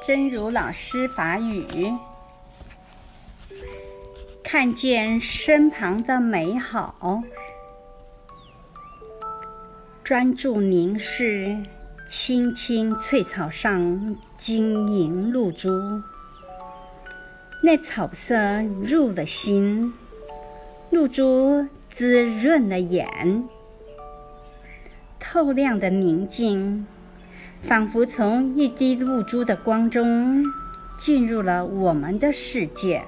真如老師法語，看見身旁的美好，專注凝視，青青翠草上，晶瑩露珠，那草色入了心，露珠滋潤了眼，透亮的寧靜。仿佛從一滴露珠的光中進入了我們的世界。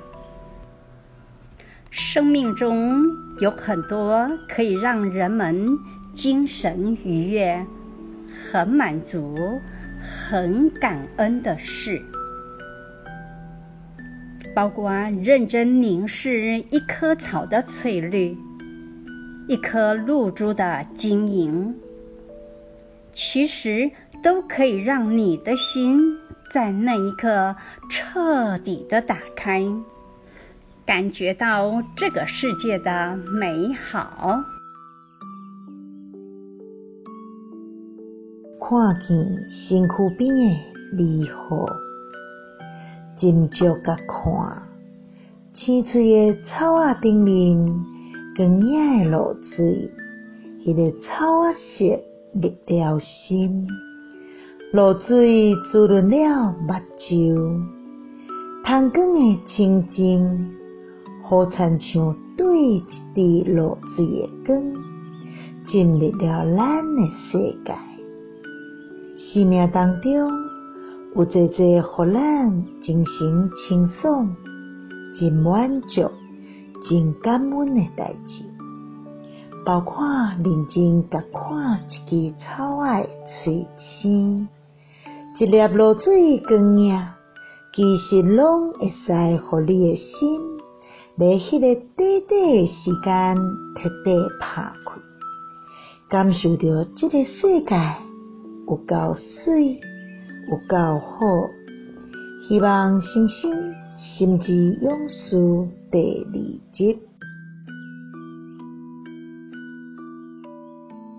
生命中有很多可以讓人們精神愉悅、很滿足、很感恩的事，包括認真凝視一棵草的翠綠，一顆露珠的晶瑩。其實都可以讓你的心在那一刻徹底的打開，感覺到這個世界的美好。看見身軀邊的霓虹，近照甲看青翠的草啊，頂林光艷的露水，一、那個草啊，入了心，露水滋潤了目睭，透亮的清靜，好親像對一滴露水的光，進入了咱的世界。生命當中有濟濟，讓咱精神清爽、真滿足、真感恩的代志。包括認真甲看一枝草愛水清，一粒露水光影，其實攏會使互你的心，在迄個短短的時間，特別拍開，感受着即個世界有夠水，有夠好。希望新生心之勇士第二集。